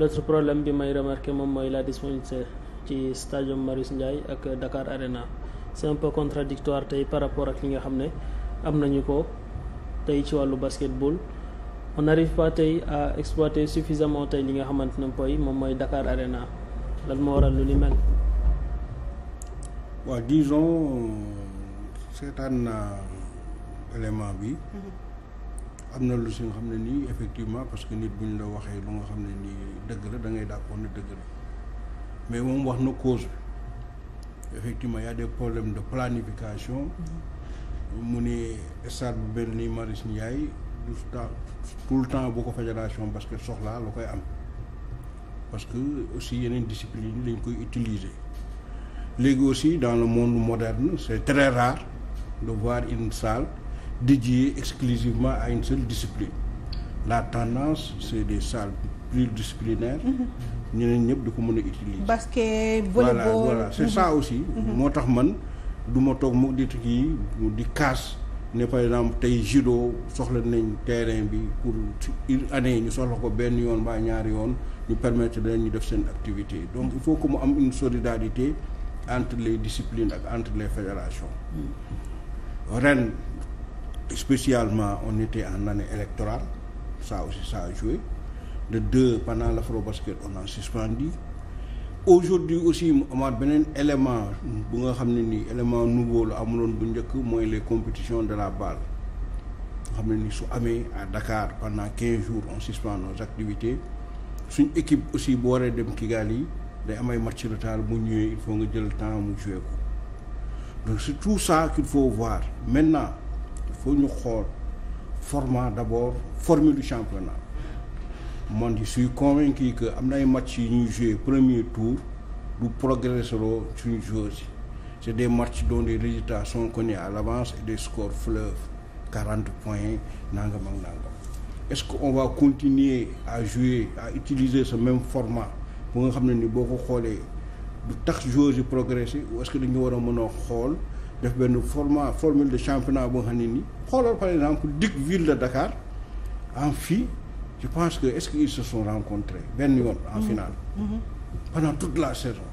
l'autre problème bi may remarqué moom mooy la disponibilité ci stadium Marius Ndiaye ak Dakar Arena c'est contradictoire tey par rapport ak li nga xam ne am nañu ko tey ci wàllu basketball on n'arrive pas tey à exploiter suffisamment tey li nga xamante ne poy moom mooy dakaar Arena lan moo waral lu ni mel. waaw disons seetaan naa élément bi. Mm-hmm. am na lu si nga xam ne nii effectivement parce que nit bu ñu la waxee lu nga xam ne nii dëgg la da ngay d'accord ne dëgg la mais moom wax na cause bi effectivement y a des problèmes de planification mu ne stade bu benn nii Marius Ndiaye du tout le temps bu ko fédération basket soxlaa lu koy am parce que aussi yeneen discipline yi koy utiliser léegi aussi dans le monde moderne c'est très rare de voir une salle dédié exclusivement à une seule discipline la tendance c'est des salles ñu mhm. ñeneen ñëpp di ko mën a utiliser basket volleyball voilà c'est mhm. ça aussi mhm. moo tax man du ma toog mu di kii di kaas ne par exemple tey judo soxla nañ terrain bi pour une année ñu soxla ko benn yoon mbaa ñaari yoon ñu permettre leen ñu def seen activité donc il faut ko mu am une solidarité entre les disciplines ak entre les fédérations ren spécialement on était en année électorale ça aussi ça a joué de deux pendant l'Afrobasket on a suspendu aujourd'hui aussi mu amaat beneen élément bu nga xam ne nii élément nouveau la amuloon bu njëkk mooy les compétitions de la balle xam ne ni su amee à Dakar pendant quinze jours on suspend nos activités suñ équipe aussi bu waree dem yi day am ay match retard bu ñëwee il nga jël temps mu joué ko donc tout ça qu'il faut voir maintenant faut ñu xool format d'abord formule du championnat man je suis convaincu que am na ay match yu ñuy jouer premier tour du progresseroo suñu joueurs yi c'est des matchs dont les résultats sont connus à l'avance et des scores fleuves quarante points nangam ak est-ce que on va continuer à jouer à utiliser sa même format bu nga xam ne ni boo ko xoolee du tax joueurs yi progresser est-ce que dañu war a mën a xool def benn format formule de championnat boo xam ne nii xoolal par exemple dig ville de Dakar en fii je pense que est-ce qu'ils se sont rencontrés benn yoon en mhm. finale mhm. pendant toute la saison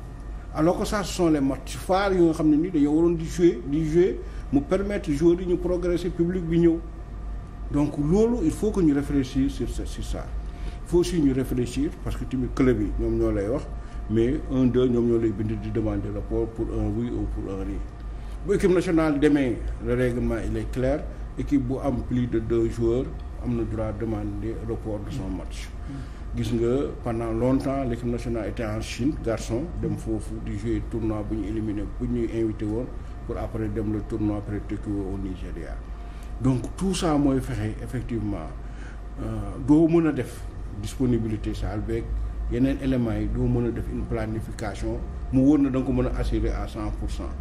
alors que ça ce sont les matchs phares nga xam ne nii dañoo waroon di jouer di jouer mu permettre joueurs yi ñu progresser public bi ñëw donc loolu il faut que ñu réfléchir sur ça sur ça il faut aussi ñu réfléchir parce que tamit club yi ñoom ñoo lay wax mais un deux ñoom ñoo lay bind di demander rapport pour un bu équipe nationale demee le règlement il est clair équipe bu am plus de deux joueurs am na droit demander report de son match gis nga pendant longtemps l' équipe nationale était en Chine garçon dem foofu di jouer tournoi bu ñu éliminé bu ñuy invité woon pour après dem le tournoi après Tokyo au Nigéria donc tout ça mooy fexe effectivement euh, doo mën a def disponibilité salle beeg yeneen éléments yi doo mën a def une planification mu wóor na da nga ko mën a assurer à cent pour cent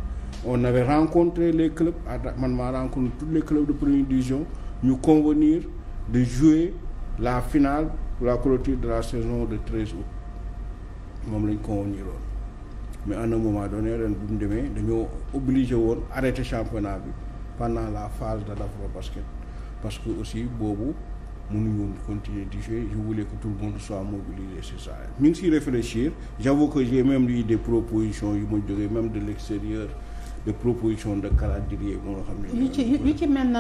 on avait rencontré les clubs man maa rencontré tous les clubs de première division ñu convenir de jouer la finale pour la clôture de la saison de treize août moom lañ convenir woon mais à un moment donné ren bu mu demee dañoo obligé woon arrêter championnat bi pendant la phase de l'afro basket parce que aussi boobu mënuñu woon continuer di jouer je voulais que tout le monde soit mobilisé c'est ça mi ngi siy réfléchir j'avoue que j'ai même eu des propositions yu ma jógee même de l'extérieur de proposition de calendrier bu nga xam ne. yu ci mel na